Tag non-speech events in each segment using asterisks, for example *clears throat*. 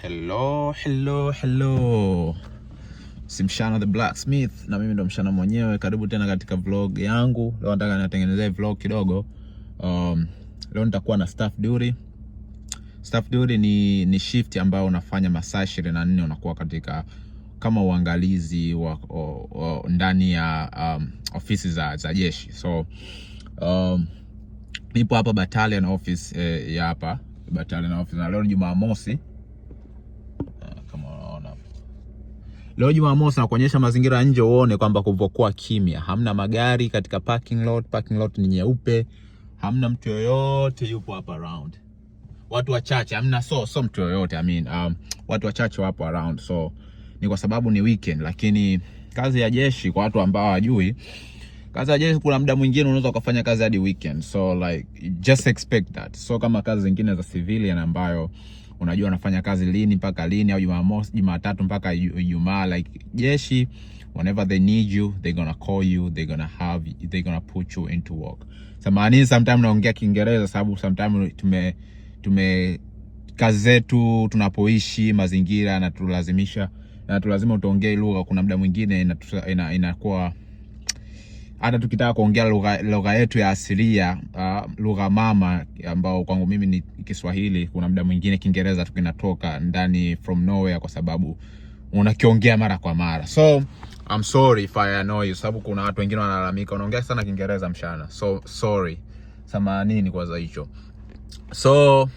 Hello, hello, hello. Si Mshana the Blacksmith na mimi ndo Mshana mwenyewe. Karibu tena katika vlog yangu. Leo nataka nitengenezee vlog kidogo. Um, leo nitakuwa na staff duty. Staff duty ni, ni shift ambayo unafanya masaa 24 unakuwa katika kama uangalizi wa, o, o, ndani ya um, ofisi za, za jeshi. So um, nipo hapa battalion office eh, ya hapa battalion office na leo ni Jumamosi. Leo Jumamosi na kuonyesha mazingira nje uone kwamba kulipokuwa kimya, hamna magari katika parking lot. Parking lot ni nyeupe, hamna mtu yoyote yupo hapa around, watu wachache, hamna so so mtu yoyote I mean, um, watu wachache wapo around, so ni kwa sababu ni weekend. Lakini kazi ya jeshi, kwa watu ambao hawajui kazi ya jeshi, kuna muda mwingine unaweza ukafanya kazi hadi weekend, so like just expect that. So kama kazi zingine za civilian ambayo unajua unafanya kazi lini mpaka lini, au Jumamosi, Jumatatu mpaka Ijumaa. Like jeshi, whenever they need you they gonna call you, they gonna have, you, they gonna put you into work. Samahani, sometimes naongea Kiingereza sababu sometimes tume tume kazi zetu tunapoishi mazingira na tulazimisha na tulazima utaongea lugha. Kuna muda mwingine inakuwa ina, ina hata tukitaka kuongea lugha lugha yetu ya asilia uh, lugha mama ambao kwangu mimi ni Kiswahili. Kuna muda mwingine Kiingereza tu kinatoka ndani from nowhere, kwa sababu unakiongea mara kwa mara. So I'm sorry if I annoy you, sababu kuna watu wengine wanalalamika unaongea sana Kiingereza mchana. So sorry, samanini kwa hicho. So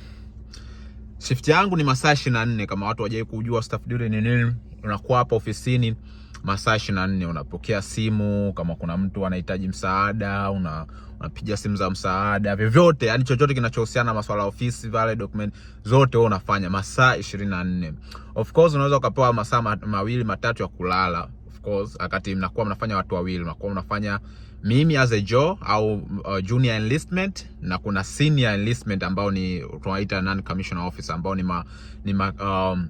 shift yangu ni masaa 24 kama watu wajai kujua staff duty ni nini. Unakuwa hapa ofisini masaa na nne unapokea simu. Kama kuna mtu anahitaji msaada, una unapiga simu za msaada, vyovyote, yani chochote kinachohusiana na masuala ya ofisi, pale, document zote wewe unafanya masaa ishirini 24. Of course unaweza ukapewa masaa ma, mawili matatu ya kulala course wakati mnakuwa mnafanya watu wawili, mnakuwa mnafanya mimi as a jo au uh, junior enlistment na kuna senior enlistment ambao ni tunaita non commissioned officer ambao ni ma, ni ma, um,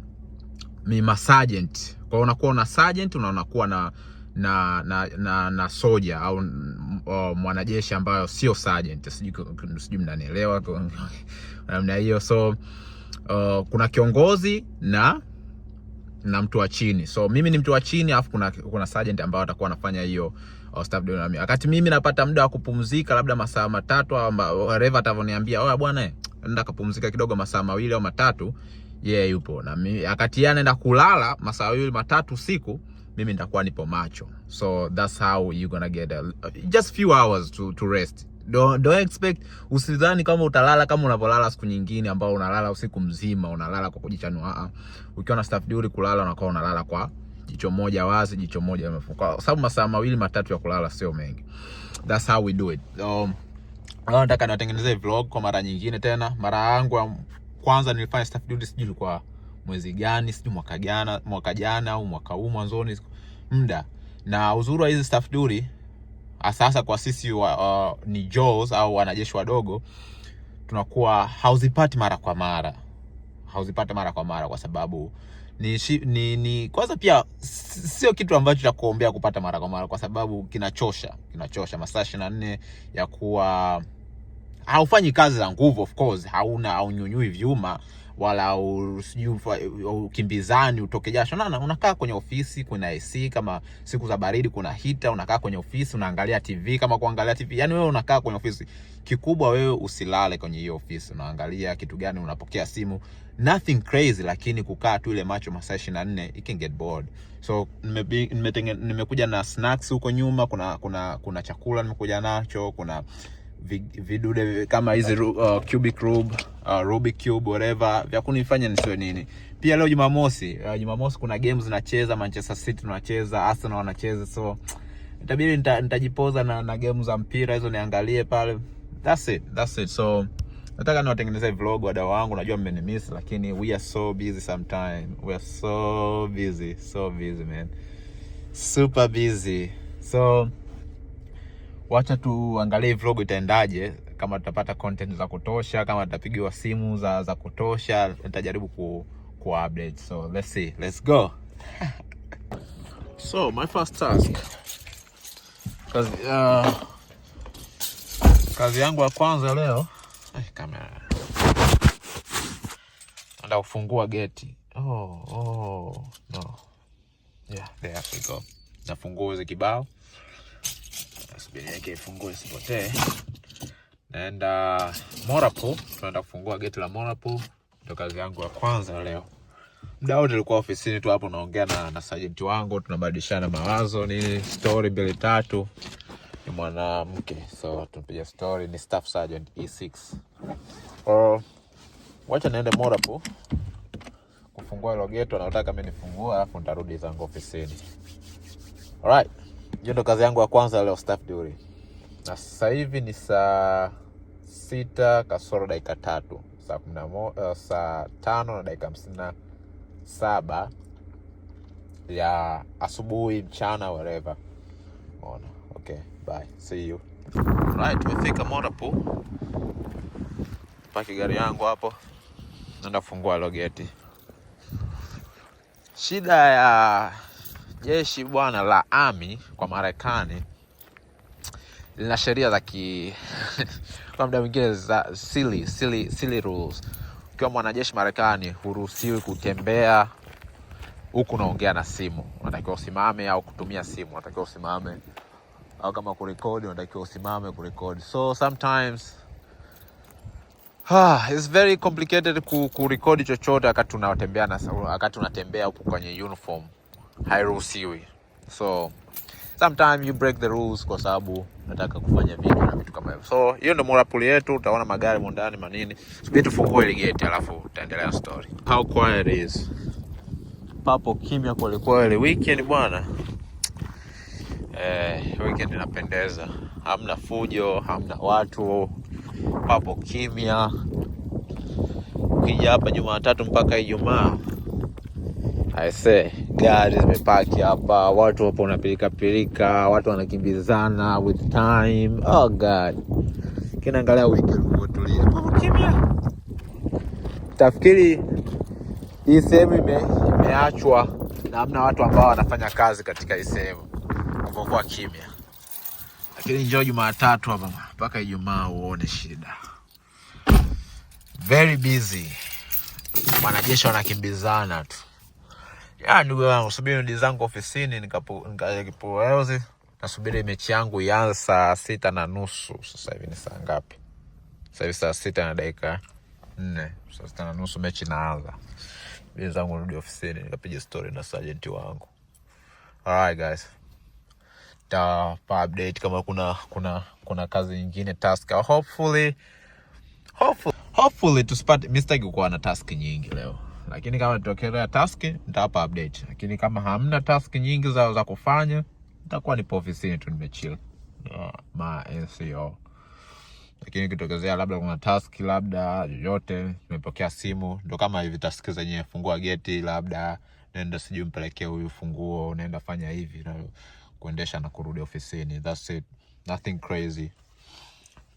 ni masajenti. Kwa hiyo unakuwa una sergeant na unakuwa na na na, na, na soja au uh, mwanajeshi ambayo sio sergeant, sijui sijui mnanielewa *laughs* namna hiyo. So uh, kuna kiongozi na na mtu wa chini. So mimi ni mtu wa chini, alafu kuna kuna sergeant ambao atakuwa anafanya hiyo uh, staff dynamic. Wakati mimi napata muda wa kupumzika labda masaa matatu au whatever atavoniambia, oya bwana, eh, nenda kupumzika kidogo masaa mawili au matatu yeye yeah, yupo na mimi akati yeye anaenda kulala masaa mawili matatu siku, mimi nitakuwa nipo macho, so that's how you gonna get a, just few hours to, to rest. Don't, don't expect, usidhani kama utalala kama unavyolala siku nyingine ambao unalala usiku mzima, unalala kwa kujichanua. Ah, ah. Ukiwa na staff duty kulala unakuwa unalala kwa jicho moja wazi, jicho moja limefunguka, kwa sababu masaa mawili matatu ya kulala sio mengi. That's how we do it. Um, nataka niwatengenezee vlog kwa mara nyingine tena, mara yangu kwanza nilifanya staff duty sijui ilikuwa mwezi gani, sijui mwaka jana, mwaka jana au mwaka huu mwanzoni muda. Na uzuri wa hizi staff duty asasa kwa sisi wa, uh, ni jaws au wanajeshi wadogo tunakuwa hauzipati mara kwa mara, hauzipati mara kwa mara kwa sababu ni, ni, ni kwanza pia sio kitu ambacho cha kuombea kupata mara kwa mara, kwa sababu kinachosha, kinachosha masaa ishirini na nne ya kuwa haufanyi kazi za nguvu, of course hauna, haunyunyui vyuma wala ukimbizani utoke jasho nana, unakaa kwenye ofisi, kuna AC kama siku za baridi, kuna hita, unakaa kwenye ofisi unaangalia TV kama kuangalia TV. Yani wewe unakaa kwenye ofisi, kikubwa wewe usilale kwenye hiyo ofisi. Unaangalia kitu gani? Unapokea simu, nothing crazy, lakini kukaa tu ile macho masaa 24 it can get bored. So nimekuja nime nime na snacks huko nyuma, kuna kuna kuna chakula nimekuja nacho, kuna vidude kama hizi uh, cubic cube, uh, Rubik cube whatever vya kunifanya nisiwe nini. Pia leo Jumamosi, uh, Jumamosi kuna games zinacheza Manchester City tunacheza, Arsenal wanacheza so itabidi nitajipoza na, na game za mpira hizo niangalie pale. That's it, that's it. So nataka niwatengeneze vlog wadau wangu, najua mmenimiss, lakini we are so busy sometime. We are so busy, so busy man, super busy so wacha tuangalie vlog itaendaje, kama tutapata content za kutosha, kama tutapigiwa simu za, za kutosha, nitajaribu ku, ku update. So let's see, let's go so my first task kazi, uh, kazi yangu ya kwanza leo eh, kamera nda kufungua geti. Oh, oh, no. Yeah, there we go. Nafungua hizo kibao subiri yake ifungue isipotee. Naenda Morapo, tunaenda kufungua geti la Morapo, ndio kazi yangu ya kwanza leo. Muda wote nilikuwa ofisini tu hapo naongea na, na sajenti wangu tunabadilishana mawazo ni story mbili tatu. Ni mwanamke so tunapiga story, ni staff sergeant E6. Oh, wacha niende Morapo kufungua hilo geti wanaotaka mimi nifungue, alafu nitarudi zangu ofisini. Alright hiyo ndo kazi yangu ya kwanza leo staff duty, na sasa hivi ni saa sita kasoro dakika tatu saa kumi na moja uh, eh, saa tano na dakika hamsini na saba ya asubuhi, mchana, whatever. Ona, okay, bye, see you. Right, tumefika Morapu, paki gari yangu hapo, naenda kufungua logeti. Shida ya jeshi bwana la ami kwa Marekani lina sheria za ki *laughs* kwa muda mwingine za silly, silly, silly rules. Ukiwa mwanajeshi Marekani huruhusiwi kutembea huku unaongea na simu, unatakiwa usimame, au kutumia simu unatakiwa usimame, au kama kurekodi unatakiwa usimame kurekodi. So sometimes ha, ah, it's very complicated ku kurekodi chochote wakati unatembea, wakati unatembea huku kwenye uniform hairuhusiwi. So sometime you break the rules kwa sababu nataka kufanya vitu na vitu kama hivyo. So hiyo ndio moral yetu, utaona magari mondani manini. Subiri tufungue ile gate alafu tutaendelea story. How quiet is. Papo kimya kwa kwa ile weekend bwana. Eh, weekend inapendeza. Hamna fujo, hamna watu. Papo kimya. Ukija hapa Jumatatu mpaka Ijumaa Aise, gari zimepaki hapa, watu wapo wanapilika watu wanakimbizana with time. Oh god, kinaangalia wiki ulivyotulia kimya. Tafikiri hii sehemu imeachwa na watu ambao wanafanya kazi katika hii sehemu, kupokuwa kimya. Lakini njoo Jumatatu hapa mpaka Ijumaa uone shida. Very busy, wanajeshi wanakimbizana tu ya ah, ndugu yangu, subiri ndio zangu ofisini nikapoelzi, nasubiri mechi yangu ianze saa sita na nusu. Sasa hivi ni saa ngapi? Sasa hivi saa sita na dakika nne. Saa sita na nusu mechi inaanza. Ndio zangu rudi ofisini nikapiga story na sajenti wangu. Alright guys, ta update kama kuna kuna kuna kazi nyingine task. Hopefully, hopefully, hopefully tusipate mistake kuwa na task nyingi leo lakini kama nitokelea task nitawapa update, lakini kama hamna task nyingi za, za kufanya nitakuwa nipo ofisini tu nimechill na ma NCO. Lakini kitokezea labda kuna task labda yoyote, nimepokea simu ndo kama hivi task zenyewe, fungua geti, labda nenda sijui mpelekee huyu funguo, unaenda fanya hivi na kuendesha na kurudi ofisini. That's it, nothing crazy.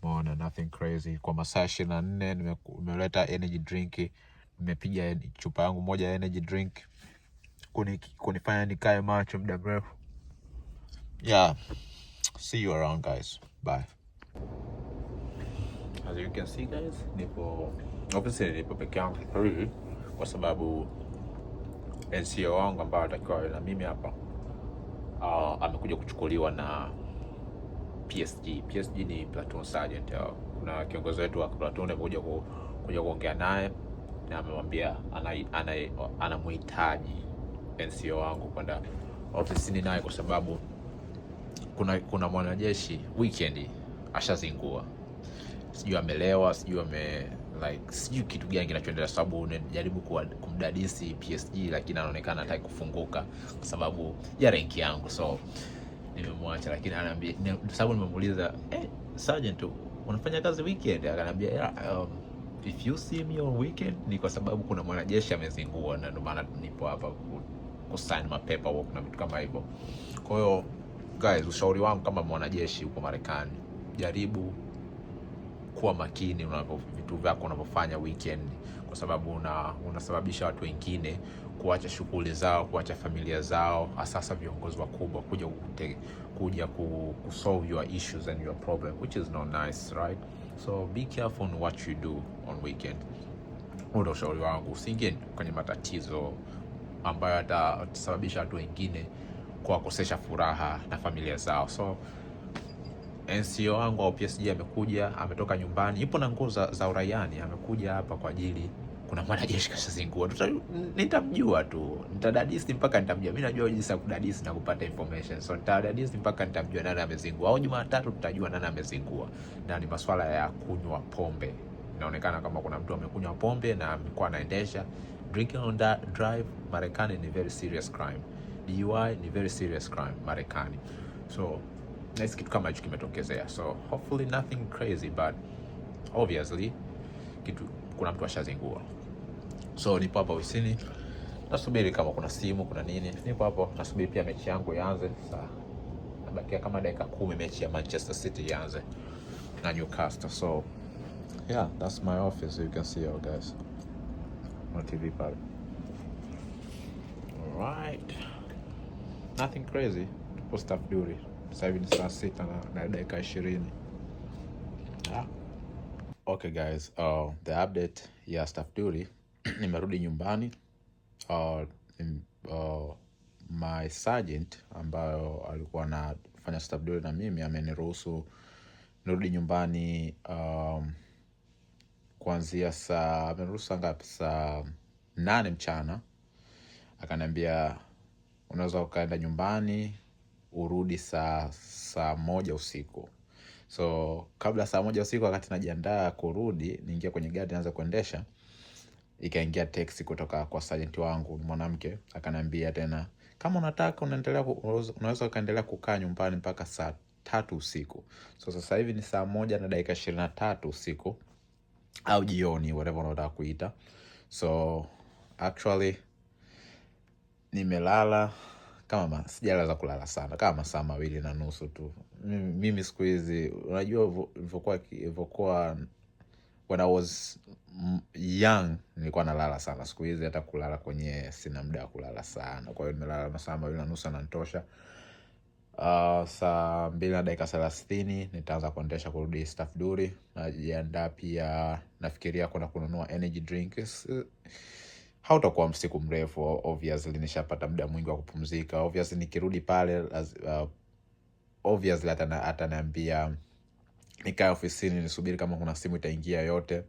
Mbona nothing crazy. Kwa masaa ishirini na nne nimeleta energy drink nimepiga chupa yangu moja ya energy drink kunifanya nikae macho muda mrefu. Yeah, see you around guys, bye. As you can see guys, nipo obviously, nipo peke yangu free mm-hmm. kwa sababu NCO wangu ambayo atakiwa na mimi hapa uh, amekuja kuchukuliwa na PSG. PSG ni platoon sergeant. Kuna kiongozi wetu wa platoon amekuja kuongea naye na amemwambia anamhitaji NCO wangu kwenda ofisini naye kwa sababu kuna, kuna mwanajeshi weekend ashazingua, sijui amelewa, sijui ame like sijui kitu gani kinachoendelea, sababu unajaribu kumdadisi PSG, lakini anaonekana hataki kufunguka kwa sababu ya rank yangu, so nimemwacha. Lakini anaambia sababu nimemuuliza, eh, sergeant unafanya kazi weekend? Akaniambia yeah, um, if you see me all weekend ni kwa sababu kuna mwanajeshi amezingua, na ndio maana nipo hapa kusign mapepa au na vitu kama hivyo. Kwa hiyo guys, ushauri wangu kama mwanajeshi huko Marekani, jaribu kuwa makini unapo vitu vyako unavyofanya weekend, kwa sababu una, unasababisha watu wengine kuacha shughuli zao, kuacha familia zao, hasa viongozi wakubwa kuja kute, kuja kusolve your issues and your problem which is not nice right. So be careful on what you do on weekend. Huo ndio ushauri wangu, usiingie kwenye matatizo ambayo atasababisha watu wengine kuwakosesha furaha na familia zao. So NCO wangu au PSG amekuja ametoka nyumbani, ipo na nguo za uraiani, amekuja hapa kwa ajili kuna mwanajeshi kashazingua, nitamjua tu, nitadadisi mpaka nitamjua. Mimi najua jinsi ya kudadisi na kupata information, so nitadadisi mpaka nitamjua nani amezingua, au Jumatatu tutajua nani amezingua, na ni masuala ya kunywa pombe. Inaonekana kama kuna mtu amekunywa pombe na amekuwa anaendesha. Drinking on the drive Marekani ni very serious crime, DUI ni very serious crime Marekani, so nahisi kitu kama hicho kimetokezea, so hopefully nothing crazy but obviously kitu kuna mtu ashazingua. So nipo hapa ofisini nasubiri kama kuna simu kuna nini, nipo hapo nasubiri pia mechi yangu ianze. Sasa nabakia kama dakika kumi mechi ya Manchester City ianze na Newcastle. So yeah, that's my office you can see all guys on TV pale. Alright, nothing crazy, tupo staff duty. Sasa hivi ni saa sita na dakika ishirini. Okay guys, uh, the update ya staff duty *clears throat* nimerudi nyumbani uh, uh, my sergeant ambayo alikuwa anafanya staff duty na mimi ameniruhusu nirudi nyumbani um, kuanzia saa ameniruhusu ngapi? Saa nane mchana, akaniambia unaweza ukaenda nyumbani urudi saa saa moja usiku So kabla saa moja usiku, wakati najiandaa kurudi, niingia kwenye gari naanza kuendesha, ikaingia teksi kutoka kwa sajenti wangu, mwanamke akaniambia tena, kama unataka unaendelea, unaweza ukaendelea kukaa nyumbani mpaka saa tatu usiku. So sasa hivi ni saa moja na dakika ishirini na tatu usiku au jioni, whatever unaotaka kuita. So actually nimelala kama sijala za kulala sana, kama masaa mawili na nusu tu. Mimi, siku hizi unajua ilivyokuwa when I was young nilikuwa nalala sana. Siku hizi hata kulala kwenye sina muda wa kulala sana, kwa hiyo nimelala masaa mawili na nusu ananitosha. Uh, ah, saa mbili na dakika thelathini nitaanza kuendesha kurudi staff duri. Najiandaa pia, nafikiria kwenda kununua energy drinks hautakuwa msiku mrefu. Obviously nishapata muda mwingi wa kupumzika. Obviously nikirudi pale uh, obviously ataniambia nikae ofisini nisubiri kama kuna simu itaingia yote.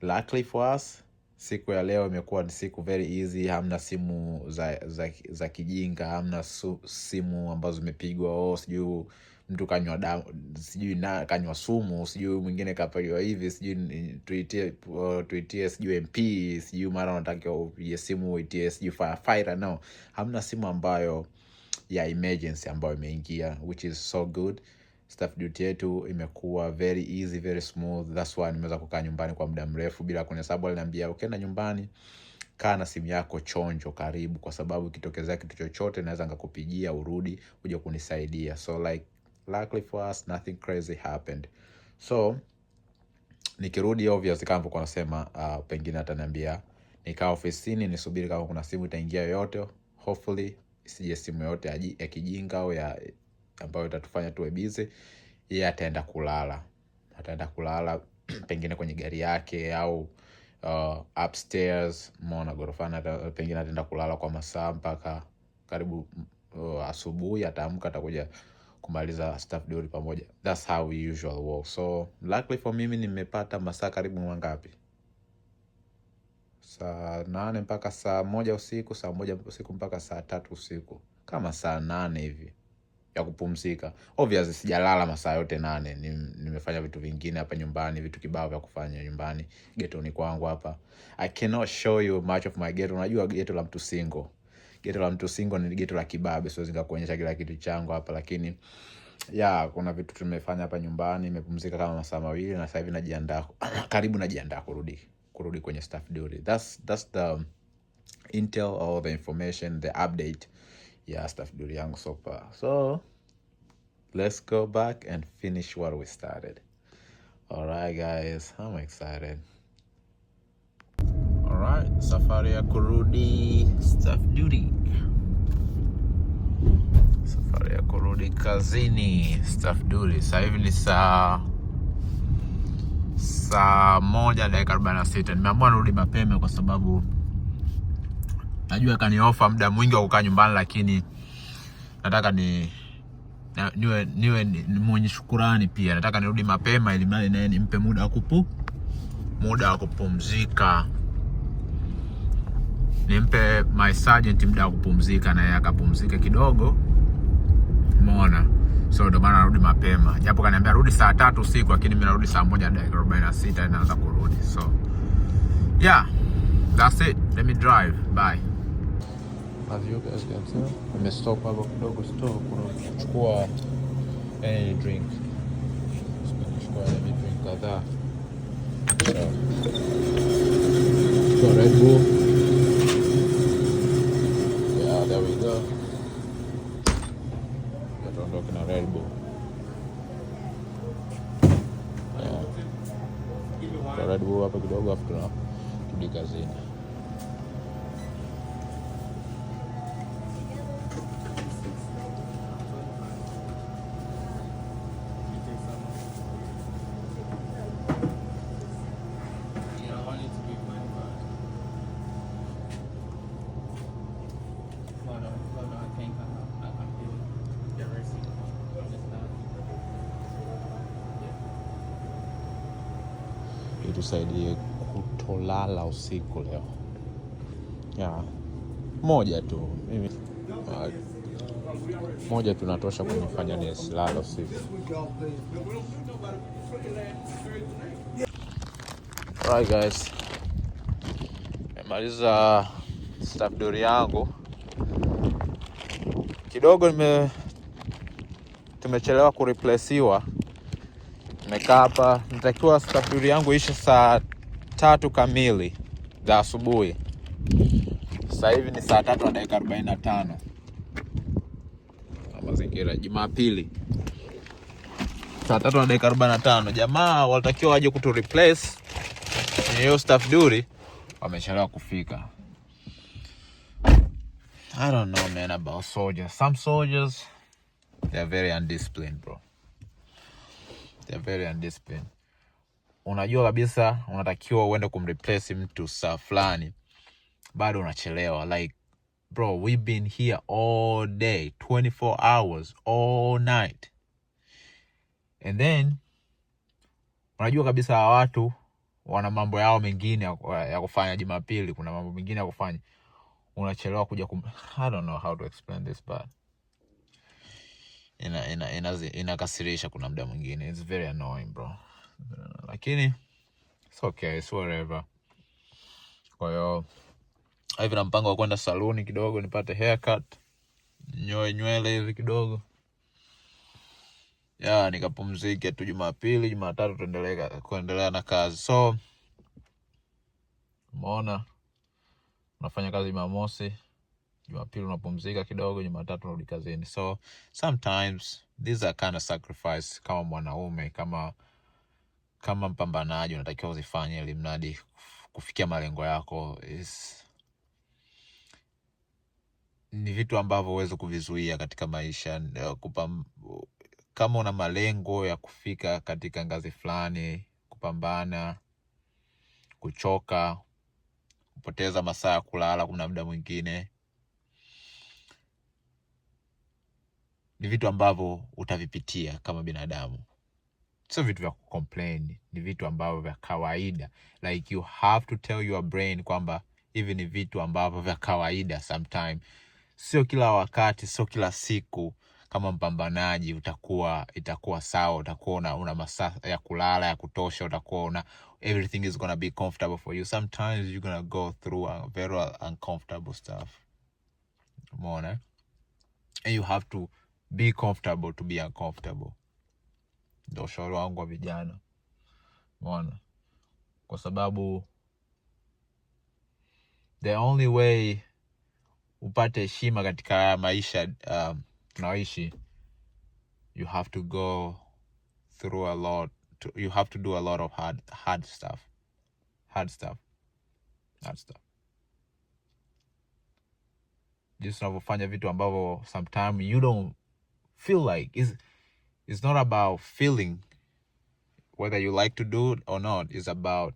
Luckily for us siku ya leo imekuwa ni siku very easy, hamna simu za, za, za kijinga, hamna su, simu ambazo zimepigwa oh sijui mtu kanywa damu, sijui na kanywa sumu, sijui mwingine kapaliwa hivi, sijui tuitie tuitie, sijui MP, sijui mara unatakiwa upige simu uitie sijui firefighter. No, hamna simu ambayo ya emergency ambayo imeingia, which is so good. Staff duty yetu imekuwa very easy, very smooth. That's why nimeweza kukaa nyumbani kwa muda mrefu bila kuna kunihesabu. Aliniambia ukienda nyumbani kaa na simu yako chonjo karibu, kwa sababu ikitokezea kitu chochote naweza ngakupigia urudi uje kunisaidia. So like Luckily for us, nothing crazy happened. So nikirudi obvious kama kwa nasema uh, pengine ataniambia nikaa ofisini nisubiri kama kuna simu itaingia yoyote, hopefully isije simu yoyote ya kijinga au ya ambayo itatufanya tuwe busy. Yeye ataenda kulala, ataenda kulala *clears throat* pengine kwenye gari yake au uh, upstairs mona gorofani, pengine ataenda kulala kwa masaa mpaka karibu uh, asubuhi. Ataamka atakuja kumaliza staff duty pamoja. That's how we usually work. So luckily for mimi nimepata masaa karibu mangapi? Saa nane mpaka saa moja usiku, saa moja usiku mpaka saa tatu usiku, kama saa nane hivi ya kupumzika. Obviously sijalala masaa yote nane, nimefanya vitu vingine hapa nyumbani, vitu kibao vya kufanya nyumbani, getoni kwangu hapa. I cannot show you much of my geto Unajua geto la mtu single geto la mtu singo ni geto la kibabe, siwezi nikakuonyesha kila kitu changu hapa, lakini ya kuna vitu tumefanya hapa nyumbani. imepumzika kama masaa mawili na sasa hivi najiandaa *clears throat* karibu najiandaa kurudi kurudi kwenye staff duty. That's that's the intel or the information the update ya staff duty yangu so far. So let's go back and finish what we started. All right guys, I'm excited. Alright, safari ya kurudi staff duty. Safari ya kurudi kazini staff duty. Sasa hivi ni saa saa moja dakika arobaini na sita. Nimeamua nirudi mapema kwa sababu najua kaniofa muda mwingi wa kukaa nyumbani, lakini nataka ni na, niwe, niwe mwenye shukurani pia. Nataka nirudi mapema ili mali naye nimpe muda wa kupu muda wa kupumzika nimpe my sergeant muda wa kupumzika, na yeye akapumzika kidogo, umeona. So ndio maana narudi mapema, japo kaniambia rudi saa tatu usiku, lakini mimi narudi saa moja dakika arobaini na sita inaanza kurudi. So yeah, that's it, let me drive, bye. Nimestop hapo kidogo store kuchukua any eh, drink kadhaa, so Red Bull logo afinal tudo to usiku leo ya moja tu mimi ah, moja tunatosha kunifanya silalo siku. Alright guys, nimemaliza stafdori yangu kidogo, nime tumechelewa kureplesiwa. Nimekaa hapa, nitakiwa stafduri yangu ishe saa tatu kamili za asubuhi. Sasa hivi ni saa tatu na dakika arobaini na tano mazingira Jumapili saa tatu na dakika arobaini na tano Jamaa walitakiwa waje kutu replace ni hiyo staff duri, wamechelewa kufika. I don't know man about soldiers. Some soldiers they are very undisciplined bro. They are very undisciplined unajua kabisa unatakiwa uende kumreplace mtu saa fulani, bado unachelewa. Like bro, we been here all day 24 hours all night, and then unajua kabisa hawa watu wana mambo yao mengine ya kufanya. Jumapili kuna mambo mengine ya kufanya, unachelewa kuja kum... I don't know how to explain this but inakasirisha. Ina, ina, ina kuna mda mwingine, it's very annoying bro lakini it's okay, it's whatever. Kwa hivi na mpango wa kwenda saluni kidogo nipate haircut, nyoe nywele hivi kidogo ya nikapumzike tu. Jumapili, Jumatatu kuendelea na kazi. So umeona, unafanya kazi Jumamosi, Jumapili unapumzika kidogo, Jumatatu unarudi kazini. So sometimes these are kind of sacrifice, kama mwanaume, kama kama mpambanaji unatakiwa uzifanye ili mradi kufikia malengo yako is... ni vitu ambavyo huwezi kuvizuia katika maisha eh, kupam... kama una malengo ya kufika katika ngazi fulani, kupambana, kuchoka, kupoteza masaa ya kulala, kuna muda mwingine ni vitu ambavyo utavipitia kama binadamu sio vitu vya kucomplain, ni vitu ambavyo vya kawaida, like you have to tell your brain kwamba hivi ni vitu ambavyo vya kawaida sometime, sio kila wakati, sio kila siku. Kama mpambanaji utakuwa itakuwa sawa, utakuwa una, una masaa ya kulala ya kutosha, utakuwa una everything is gonna be comfortable for you. Sometimes you're gonna go through a very uncomfortable stuff, umeona, and you have to be comfortable to be uncomfortable ndio ushauri wangu wa vijana, mona kwa sababu the only way upate heshima katika maisha um, tunaoishi you have to go through a lot to, you have to do a lot of hard, hard stuff hard stuff hard stuff jinsi unavyofanya vitu ambavyo sometime you don't feel like is it's not about feeling whether you like to do it or not it's about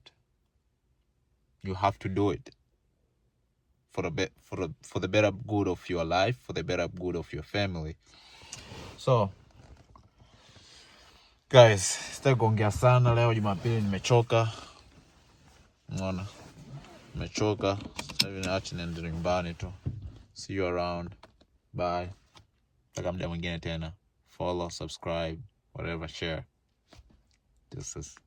you have to do it for the be- for a, for the better good of your life for the better good of your family so guys sitaki kuongea sana leo jumapili nimechoka mona nimechoka acha nyumbani tu see you around bye mpaka mda mwingine tena follow, subscribe, whatever, share. This is.